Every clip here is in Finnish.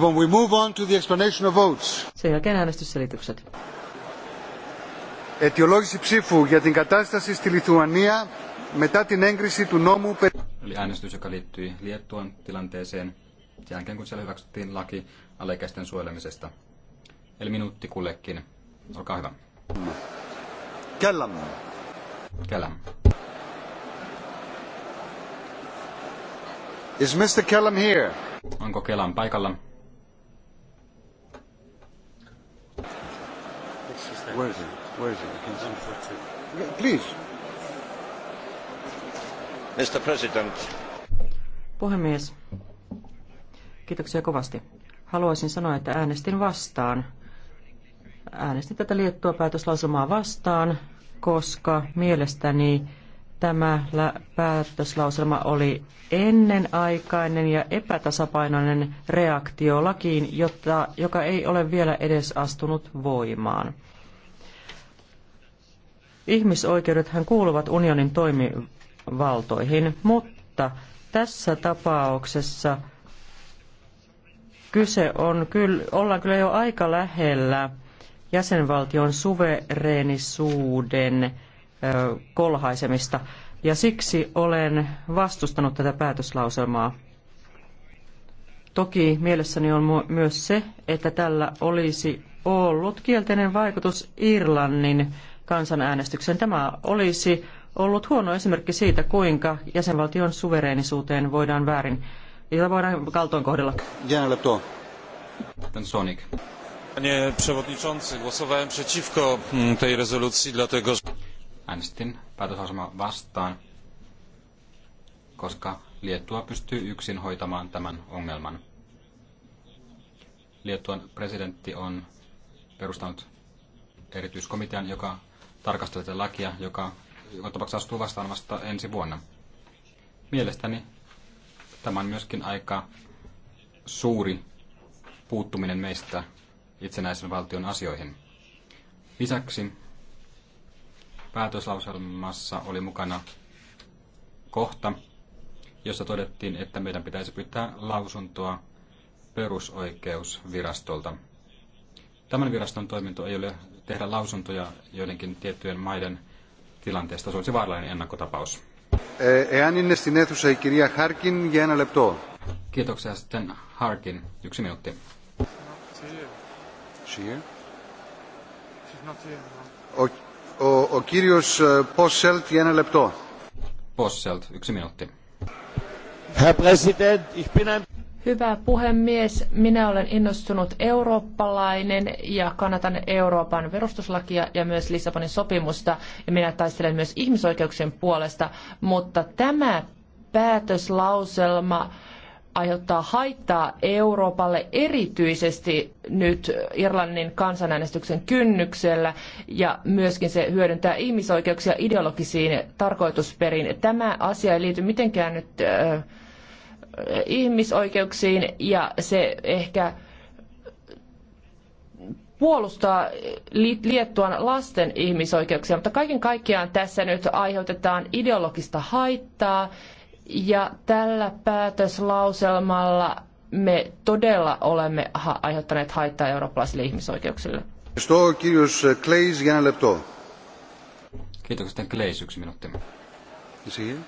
When we move on to the explanation of votes. Sen jälkeen äänestysselitykset. Αιτιολόγηση ψήφου για την κατάσταση στη Λιθουανία μετά την έγκριση του νόμου Eli äänestys, joka liittyi Liettuan tilanteeseen jälkeen, kun siellä hyväksyttiin laki alaikäisten suojelemisesta. Eli minuutti kullekin. Olkaa hyvä. Kellam. Kellam. Is Mr. Kellam here? Onko Kellam paikalla? Where is it? Where is it? can see. Please. Mr. President. Puhemies. Kiitoksia kovasti. Haluaisin sanoa, että äänestin vastaan. Äänestin tätä liettua päätöslausumaa vastaan, koska mielestäni tämä päätöslauselma oli ennenaikainen ja epätasapainoinen reaktio lakiin, jota, joka ei ole vielä edes astunut voimaan. Ihmisoikeudethan kuuluvat unionin toimivaltoihin, mutta tässä tapauksessa kyse on kyllä, ollaan kyllä jo aika lähellä jäsenvaltion suvereenisuuden kolhaisemista. Ja siksi olen vastustanut tätä päätöslauselmaa. Toki mielessäni on myös se, että tällä olisi ollut kielteinen vaikutus Irlannin kansanäänestykseen. Tämä olisi ollut huono esimerkki siitä, kuinka jäsenvaltion suvereenisuuteen voidaan väärin, jota voidaan kaltoin kohdella. Ten Sonik. Panie przewodniczący, głosowałem przeciwko mm, tej rezolucji, dlatego äänestin päätösasema vastaan, koska Liettua pystyy yksin hoitamaan tämän ongelman. Liettuan presidentti on perustanut erityiskomitean, joka tarkastelee tätä lakia, joka joka tapauksessa astuu vastaan vasta ensi vuonna. Mielestäni tämä on myöskin aika suuri puuttuminen meistä itsenäisen valtion asioihin. Lisäksi päätöslauselmassa oli mukana kohta, jossa todettiin, että meidän pitäisi pyytää lausuntoa perusoikeusvirastolta. Tämän viraston toiminto ei ole tehdä lausuntoja joidenkin tiettyjen maiden tilanteesta. Se olisi vaarallinen ennakkotapaus. Εάν είναι sitten Harkin. Yksi minuutti. Okay. Ο, Hyvä puhemies, minä olen innostunut eurooppalainen ja kannatan Euroopan perustuslakia ja myös Lissabonin sopimusta ja minä taistelen myös ihmisoikeuksien puolesta, mutta tämä päätöslauselma aiheuttaa haittaa Euroopalle erityisesti nyt Irlannin kansanäänestyksen kynnyksellä ja myöskin se hyödyntää ihmisoikeuksia ideologisiin tarkoitusperiin. Tämä asia ei liity mitenkään nyt ihmisoikeuksiin ja se ehkä puolustaa Liettuan lasten ihmisoikeuksia, mutta kaiken kaikkiaan tässä nyt aiheutetaan ideologista haittaa ja tällä päätöslauselmalla me todella olemme ha- aiheuttaneet haittaa eurooppalaisille ihmisoikeuksille. Kleis, Kiitoksia, Kleis, yksi minuutti. Siihen.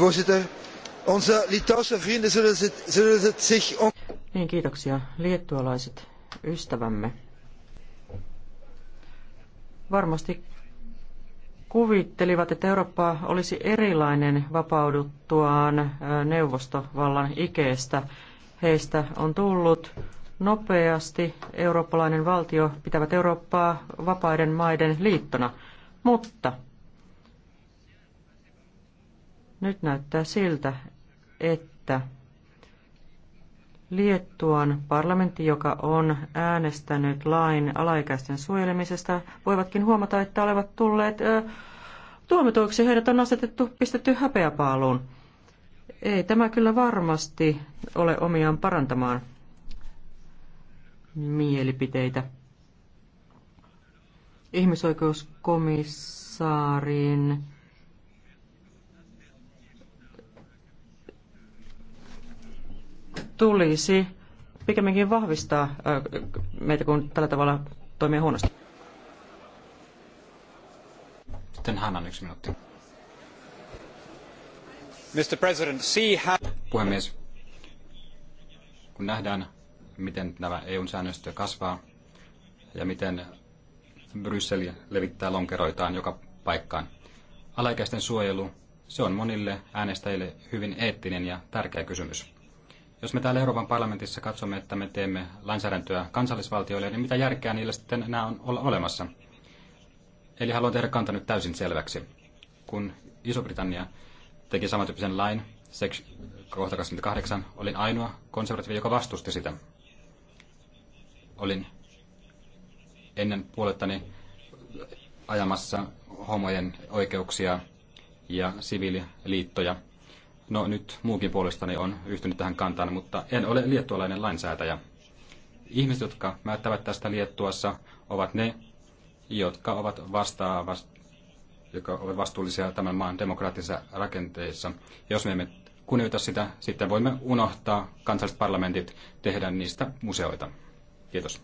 voorzitter onze litouwse vrienden zullen het zich. Niin, kiitoksia. Liettualaiset ystävämme varmasti kuvittelivat, että Eurooppa olisi erilainen vapauduttuaan neuvostovallan ikeestä. Heistä on tullut nopeasti eurooppalainen valtio, pitävät Eurooppaa vapaiden maiden liittona. Mutta nyt näyttää siltä, että Liettuan parlamentti, joka on äänestänyt lain alaikäisten suojelemisesta, voivatkin huomata, että olevat tulleet ö, tuomituiksi. Heidät on asetettu, pistetty häpeäpaaluun. Ei tämä kyllä varmasti ole omiaan parantamaan mielipiteitä. Ihmisoikeuskomissaarin tulisi pikemminkin vahvistaa meitä kun tällä tavalla toimii huonosti. Sitten Hannan yksi minuutti. Mr. President, see how... Puhemies, kun nähdään, miten nämä eu säännöstö kasvaa ja miten Bryssel levittää lonkeroitaan joka paikkaan. Alaikäisten suojelu, se on monille äänestäjille hyvin eettinen ja tärkeä kysymys. Jos me täällä Euroopan parlamentissa katsomme, että me teemme lainsäädäntöä kansallisvaltioille, niin mitä järkeä niillä sitten enää on olla olemassa? Eli haluan tehdä kanta nyt täysin selväksi. Kun Iso-Britannia teki samantyyppisen lain, seks, kohta 28, olin ainoa konservatiivi, joka vastusti sitä. Olin ennen puolettani ajamassa homojen oikeuksia ja siviililiittoja – No nyt muukin puolestani on yhtynyt tähän kantaan, mutta en ole liettualainen lainsäätäjä. Ihmiset, jotka määttävät tästä Liettuassa, ovat ne, jotka ovat jotka ovat vastuullisia tämän maan demokraattisissa rakenteissa. Jos me emme kunnioita sitä, sitten voimme unohtaa kansalliset parlamentit, tehdä niistä museoita. Kiitos.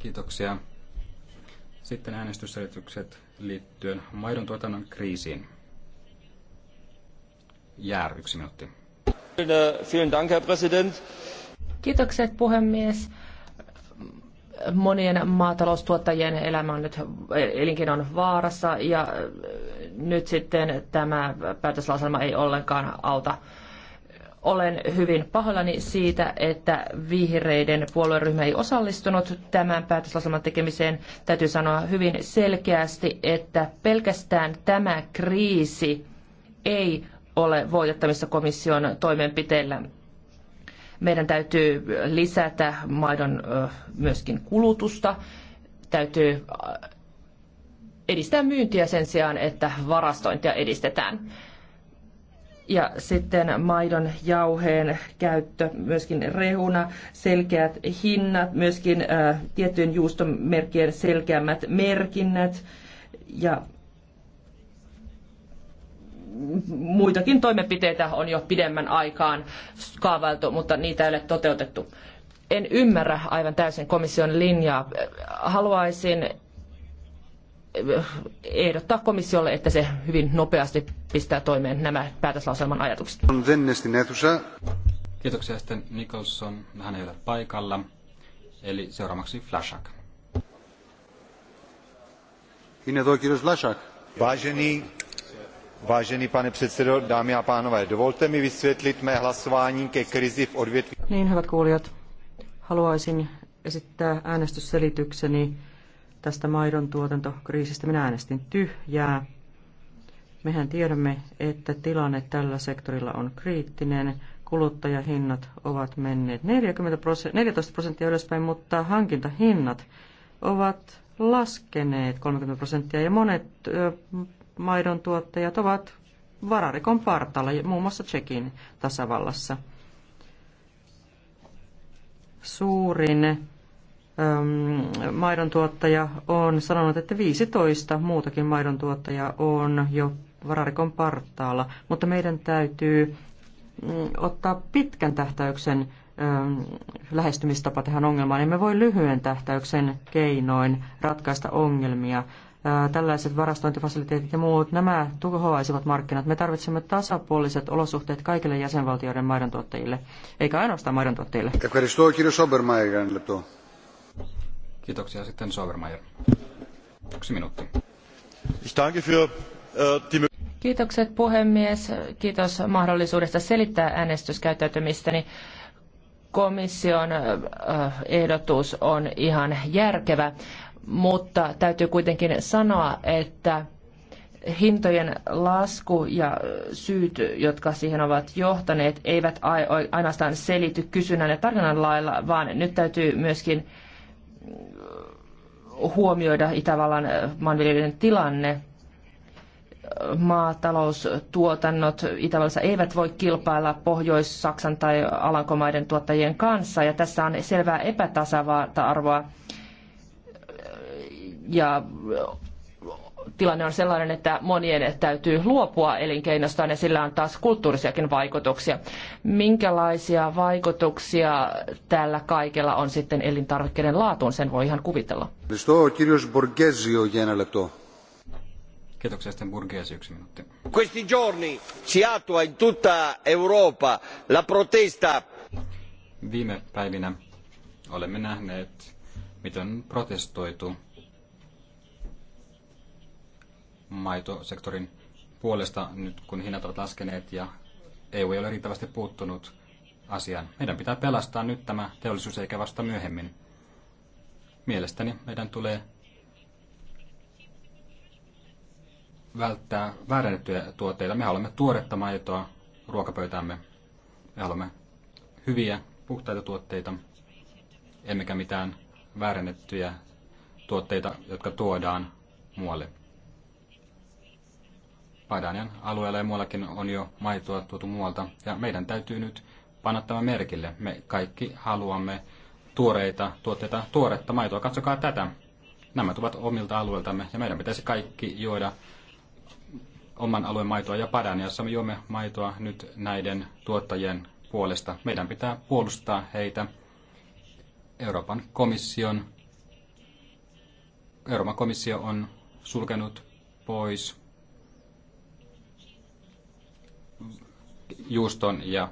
Kiitoksia. Sitten äänestysselitykset liittyen maidon tuotannon kriisiin. Jär, yksi minuutti. Kiitokset puhemies monien maataloustuottajien elämä on nyt elinkeinon vaarassa ja nyt sitten tämä päätöslauselma ei ollenkaan auta. Olen hyvin pahoillani siitä, että vihreiden puolueryhmä ei osallistunut tämän päätöslauselman tekemiseen. Täytyy sanoa hyvin selkeästi, että pelkästään tämä kriisi ei ole voitettavissa komission toimenpiteillä. Meidän täytyy lisätä maidon myöskin kulutusta, täytyy edistää myyntiä sen sijaan, että varastointia edistetään. Ja sitten maidon jauheen käyttö myöskin rehuna, selkeät hinnat, myöskin äh, tiettyjen juustomerkkien selkeämmät merkinnät ja muitakin toimenpiteitä on jo pidemmän aikaan kaavailtu, mutta niitä ei ole toteutettu. En ymmärrä aivan täysin komission linjaa. Haluaisin ehdottaa komissiolle, että se hyvin nopeasti pistää toimeen nämä päätöslauselman ajatukset. Kiitoksia sitten Nicholson. Hän ei ole paikalla. Eli seuraavaksi Flashak. Είναι εδώ Vážený pane předsedo, dámy a pánové, dovolte mi vysvětlit mé hlasování ke krizi v odvětví. Niin, hyvät kuulijat, haluaisin esittää äänestysselitykseni tästä maidon tuotantokriisistä. Minä äänestin tyhjää. Mehän tiedämme, että tilanne tällä sektorilla on kriittinen. Kuluttajahinnat ovat menneet 40 14 prosenttia ylöspäin, mutta hankintahinnat ovat laskeneet 30 prosenttia ja monet maidon tuottajat ovat vararikon partalla, muun muassa Tsekin tasavallassa. Suurin ähm, maidon tuottaja on sanonut, että 15 muutakin maidon on jo vararikon partaalla, mutta meidän täytyy mm, ottaa pitkän tähtäyksen lähestymistapa tähän ongelmaan. Emme voi lyhyen tähtäyksen keinoin ratkaista ongelmia, tällaiset varastointifasiliteetit ja muut, nämä tuhoaisivat markkinat. Me tarvitsemme tasapuoliset olosuhteet kaikille jäsenvaltioiden maidontuottajille, eikä ainoastaan maidontuottajille. Kiitoksia sitten Sobermeier. Yksi minuutti. Äh, Kiitokset puhemies. Kiitos mahdollisuudesta selittää äänestyskäyttäytymistäni. Komission äh, ehdotus on ihan järkevä mutta täytyy kuitenkin sanoa, että hintojen lasku ja syyt, jotka siihen ovat johtaneet, eivät ainoastaan selity kysynnän ja tarjonnan lailla, vaan nyt täytyy myöskin huomioida Itävallan maanviljelijöiden tilanne. Maataloustuotannot Itävallassa eivät voi kilpailla Pohjois-Saksan tai Alankomaiden tuottajien kanssa, ja tässä on selvää epätasa-arvoa ja tilanne on sellainen, että monien täytyy luopua elinkeinostaan ja sillä on taas kulttuurisiakin vaikutuksia. Minkälaisia vaikutuksia tällä kaikella on sitten elintarvikkeiden laatuun, sen voi ihan kuvitella. Kiitoksia sitten Burgesi yksi minuutti. Questi giorni si attua in tutta Europa la protesta. Viime päivinä olemme nähneet, miten protestoitu maitosektorin puolesta nyt, kun hinnat ovat laskeneet ja EU ei ole riittävästi puuttunut asiaan. Meidän pitää pelastaa nyt tämä teollisuus eikä vasta myöhemmin. Mielestäni meidän tulee välttää väärennettyjä tuotteita. Me haluamme tuoretta maitoa ruokapöytäämme. Me haluamme hyviä, puhtaita tuotteita, emmekä mitään väärennettyjä tuotteita, jotka tuodaan muualle. Padanian alueella ja muuallakin on jo maitoa tuotu muualta. Ja meidän täytyy nyt panna tämä merkille. Me kaikki haluamme tuoreita tuotteita, tuoretta maitoa. Katsokaa tätä. Nämä tulevat omilta alueiltamme ja meidän pitäisi kaikki juoda oman alueen maitoa ja jossa me juomme maitoa nyt näiden tuottajien puolesta. Meidän pitää puolustaa heitä Euroopan komission Euroopan komissio on sulkenut pois juuston ja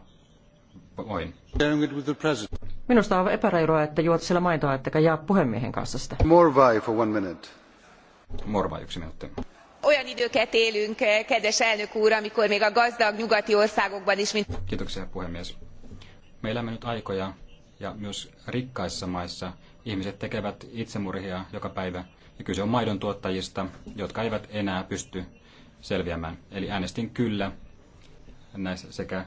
voin. Minusta on epäreilua, että juot sillä maitoa, ettekä jaa puhemiehen kanssa sitä. Morvai for one minute. Morvai yksi minuutti. Olyan időket élünk, kedves elnök úr, amikor még a gazdag nyugati országokban is... Mint... Kiitoksia puhemies. Me elämme nyt aikoja, ja myös rikkaissa maissa ihmiset tekevät itsemurhia joka päivä. Ja kyse on maidon tuottajista, jotka eivät enää pysty selviämään. Eli äänestin kyllä näissä sekä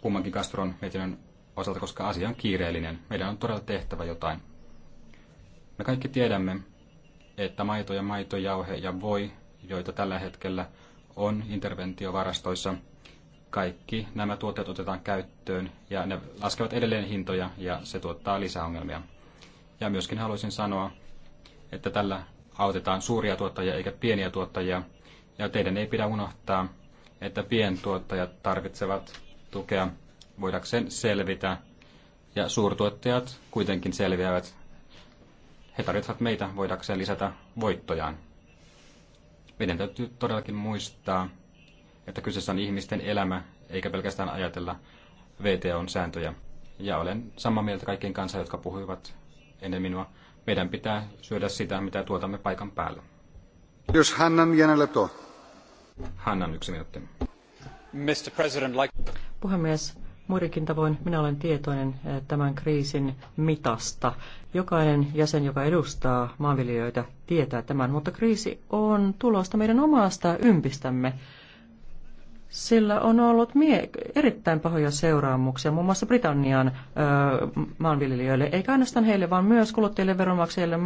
kummankin Castron mietinnön osalta, koska asia on kiireellinen. Meidän on todella tehtävä jotain. Me kaikki tiedämme, että maito ja maitojauhe ja voi, joita tällä hetkellä on interventiovarastoissa, kaikki nämä tuotteet otetaan käyttöön ja ne laskevat edelleen hintoja ja se tuottaa lisäongelmia. Ja myöskin haluaisin sanoa, että tällä autetaan suuria tuottajia eikä pieniä tuottajia ja teidän ei pidä unohtaa, että pientuottajat tarvitsevat tukea voidakseen selvitä, ja suurtuottajat kuitenkin selviävät. He tarvitsevat meitä voidakseen lisätä voittojaan. Meidän täytyy todellakin muistaa, että kyseessä on ihmisten elämä, eikä pelkästään ajatella VTOn sääntöjä. Ja olen samaa mieltä kaikkien kanssa, jotka puhuivat ennen minua. Meidän pitää syödä sitä, mitä tuotamme paikan päällä. Jos Hannan jäänellä Hannan yksi minuutti. Mr. President, like... Puhemies, muidenkin tavoin minä olen tietoinen eh, tämän kriisin mitasta. Jokainen jäsen, joka edustaa maanviljelijöitä, tietää tämän, mutta kriisi on tulosta meidän omasta ympistämme. Sillä on ollut mie- erittäin pahoja seuraamuksia muun muassa Britannian ö, eh, maanviljelijöille, eikä ainoastaan heille, vaan myös kuluttajille, veronmaksajille,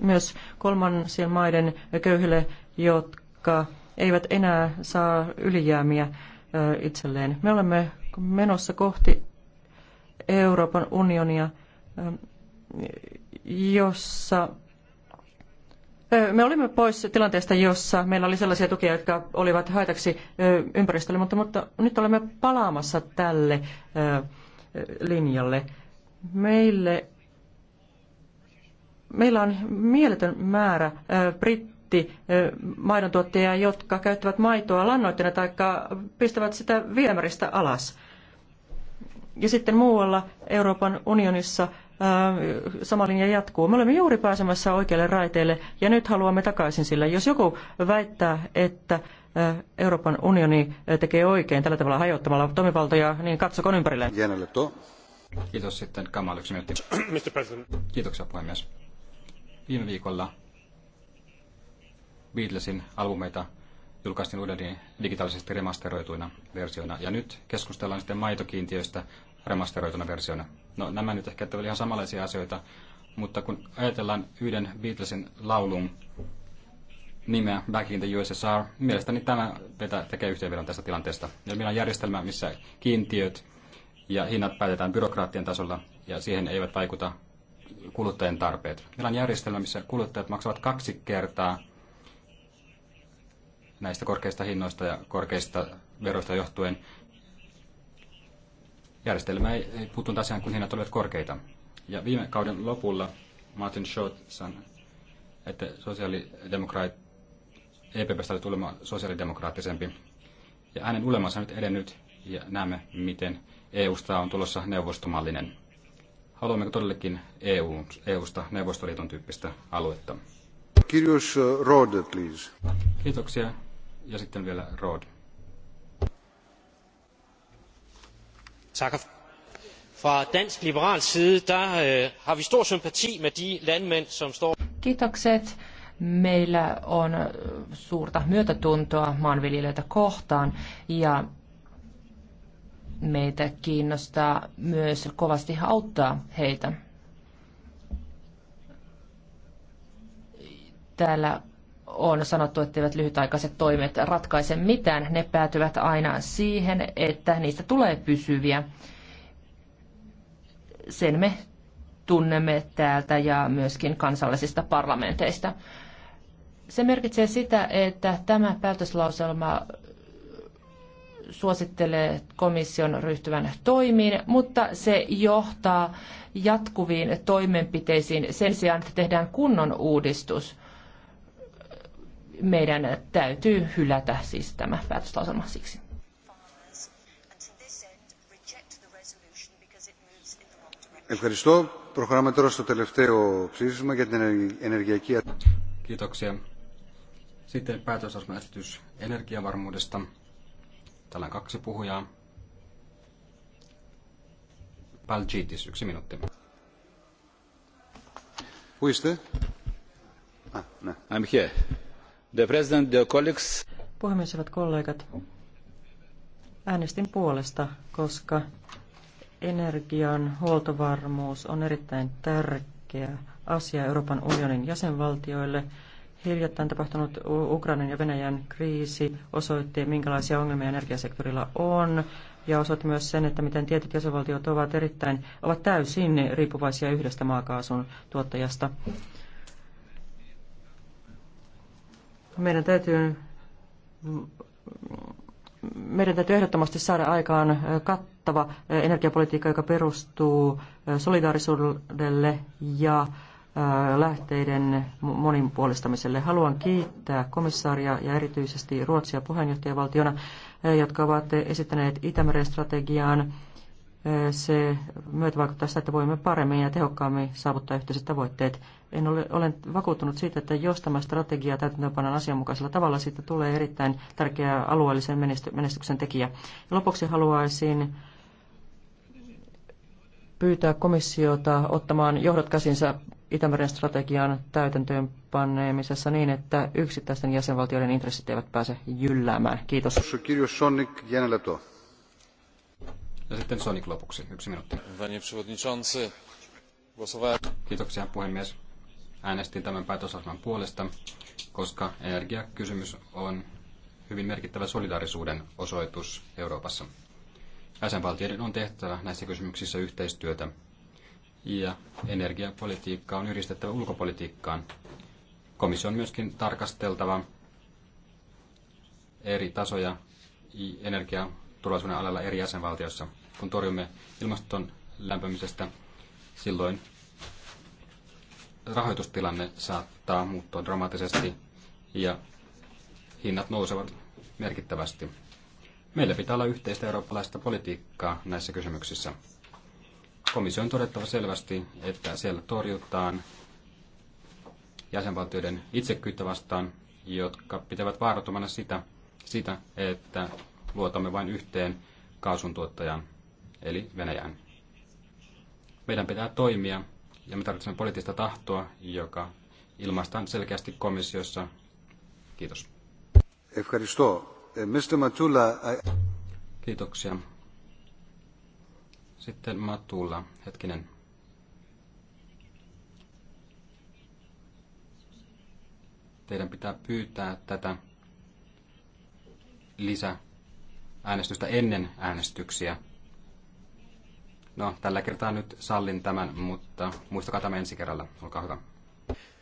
myös kolmansien maiden köyhille, jotka eivät enää saa ylijäämiä itselleen. Me olemme menossa kohti Euroopan unionia, jossa me olimme pois tilanteesta, jossa meillä oli sellaisia tukia, jotka olivat haitaksi ympäristölle, mutta, mutta nyt olemme palaamassa tälle linjalle. Meille, meillä on mieletön määrä brittiä prosentti maidontuottajia, jotka käyttävät maitoa lannoitteena tai pistävät sitä viemäristä alas. Ja sitten muualla Euroopan unionissa sama linja jatkuu. Me olemme juuri pääsemässä oikealle raiteelle ja nyt haluamme takaisin sillä. Jos joku väittää, että Euroopan unioni tekee oikein tällä tavalla hajottamalla toimivaltoja, niin katsokoon ympärilleen. Kiitos sitten Kamal yksi minuutti. Kiitoksia puhemies. Viime viikolla Beatlesin albumeita julkaistiin uudelleen digitaalisesti remasteroituina versioina. Ja nyt keskustellaan sitten maitokiintiöistä remasteroituna versioina. No nämä nyt ehkä ovat ihan samanlaisia asioita, mutta kun ajatellaan yhden Beatlesin laulun nimeä Back in the USSR, mielestäni tämä vetää, tekee yhteenvedon tästä tilanteesta. Ja meillä on järjestelmä, missä kiintiöt ja hinnat päätetään byrokraattien tasolla ja siihen eivät vaikuta kuluttajien tarpeet. Meillä on järjestelmä, missä kuluttajat maksavat kaksi kertaa – näistä korkeista hinnoista ja korkeista veroista johtuen. Järjestelmä ei puuttunut asiaan, kun hinnat olivat korkeita. Ja viime kauden lopulla Martin Short sanoi, että sosiaalidemokraat, EPPstä oli tulemaan sosiaalidemokraattisempi. Ja hänen ulemansa on nyt edennyt ja näemme, miten EUsta on tulossa neuvostomallinen. Haluammeko todellakin EU, EUsta neuvostoliiton tyyppistä aluetta? Kirjus Rode, please. Kiitoksia. Ja sitten vielä Rod. Tack. Fra dansk liberal side, der øh, har vi stor sympati med de landmænd, som står... Kiitokset. Meillä on äh, suurta myötätuntoa maanviljelijöitä kohtaan ja meitä kiinnostaa myös kovasti auttaa heitä. Täällä on sanottu, etteivät lyhytaikaiset toimet ratkaise mitään. Ne päätyvät aina siihen, että niistä tulee pysyviä. Sen me tunnemme täältä ja myöskin kansallisista parlamenteista. Se merkitsee sitä, että tämä päätöslauselma suosittelee komission ryhtyvän toimiin, mutta se johtaa jatkuviin toimenpiteisiin sen sijaan, että tehdään kunnon uudistus meidän täytyy hylätä siis tämä päätöslauselma siksi. Ευχαριστώ. Προχωράμε τώρα στο τελευταίο ψήφισμα για την ενεργειακή... Kiitoksia. Sitten päätösasmaesitys energiavarmuudesta. Täällä on kaksi puhujaa. Palgitis, yksi minuutti. Puiste? Ah, no. I'm here. Puhemies, hyvät kollegat. Äänestin puolesta, koska energian huoltovarmuus on erittäin tärkeä asia Euroopan unionin jäsenvaltioille. Hiljattain tapahtunut Ukrainan ja Venäjän kriisi osoitti, minkälaisia ongelmia energiasektorilla on, ja osoitti myös sen, että miten tietyt jäsenvaltiot ovat erittäin, ovat täysin riippuvaisia yhdestä maakaasun tuottajasta. Meidän täytyy, meidän täytyy ehdottomasti saada aikaan kattava energiapolitiikka, joka perustuu solidaarisuudelle ja lähteiden monipuolistamiselle. Haluan kiittää komissaaria ja erityisesti Ruotsia puheenjohtajavaltiona, jotka ovat esittäneet Itämeren strategiaan se myötävaikuttaa sitä, että voimme paremmin ja tehokkaammin saavuttaa yhteiset tavoitteet. En ole, olen vakuuttunut siitä, että jos tämä strategia täytäntöönpanon asianmukaisella tavalla, siitä tulee erittäin tärkeä alueellisen menesty, menestyksen tekijä. Ja lopuksi haluaisin pyytää komissiota ottamaan johdot käsinsä Itämeren strategian täytäntöönpanemisessa niin, että yksittäisten jäsenvaltioiden intressit eivät pääse jylläämään. Kiitos. Ja sitten Sonic lopuksi, yksi minuutti. Kiitoksia puhemies. Äänestin tämän päätösasman puolesta, koska energiakysymys on hyvin merkittävä solidaarisuuden osoitus Euroopassa. Jäsenvaltioiden on tehtävä näissä kysymyksissä yhteistyötä ja energiapolitiikka on yhdistettävä ulkopolitiikkaan. Komissio on myöskin tarkasteltava eri tasoja energiaturvallisuuden alalla eri jäsenvaltioissa kun torjumme ilmaston lämpimisestä, silloin rahoitustilanne saattaa muuttua dramaattisesti ja hinnat nousevat merkittävästi. Meillä pitää olla yhteistä eurooppalaista politiikkaa näissä kysymyksissä. Komissio on todettava selvästi, että siellä torjutaan jäsenvaltioiden itsekyyttä vastaan, jotka pitävät vaarattomana sitä, sitä, että luotamme vain yhteen kaasuntuottajaan eli Venäjään. Meidän pitää toimia ja me tarvitsemme poliittista tahtoa, joka ilmaistaan selkeästi komissiossa. Kiitos. Eh, Mr. Kiitoksia. Sitten Matula, hetkinen. Teidän pitää pyytää tätä lisää äänestystä ennen äänestyksiä No, tällä kertaa nyt sallin tämän, mutta muistakaa tämä ensi kerralla. Olkaa hyvä.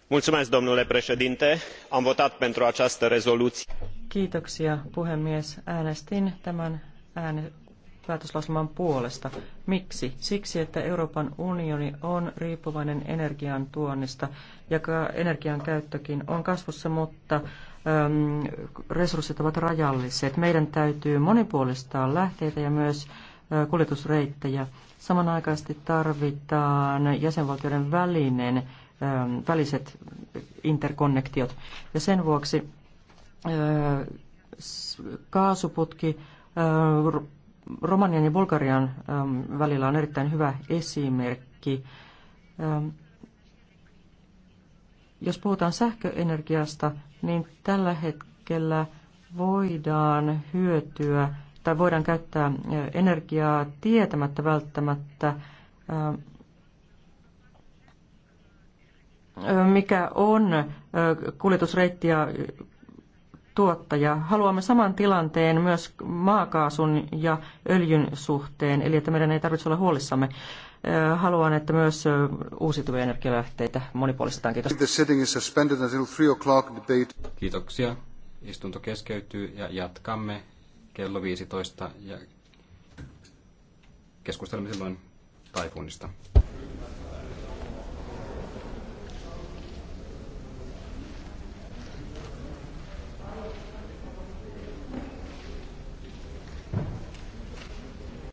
Mulțumesc, domnule președinte. Am votat pentru această rezoluție. Kiitoksia, puhemies. Äänestin tämän ääne, päätöslauselman puolesta. Miksi? Siksi, että Euroopan unioni on riippuvainen energian tuonnista ja energian käyttökin on kasvussa, mutta äm, resurssit ovat rajalliset. Meidän täytyy monipuolistaa lähteitä ja myös kuljetusreittejä. Samanaikaisesti tarvitaan jäsenvaltioiden välinen, väliset interkonnektiot. Ja sen vuoksi kaasuputki Romanian ja Bulgarian välillä on erittäin hyvä esimerkki. Jos puhutaan sähköenergiasta, niin tällä hetkellä voidaan hyötyä että voidaan käyttää energiaa tietämättä välttämättä, mikä on kuljetusreitti ja tuottaja. Haluamme saman tilanteen myös maakaasun ja öljyn suhteen, eli että meidän ei tarvitse olla huolissamme. Haluan, että myös uusiutuvia energialähteitä monipuolistetaan. Kiitos. Kiitoksia. Istunto keskeytyy ja jatkamme kello 15 ja keskustelemme silloin taifuunista.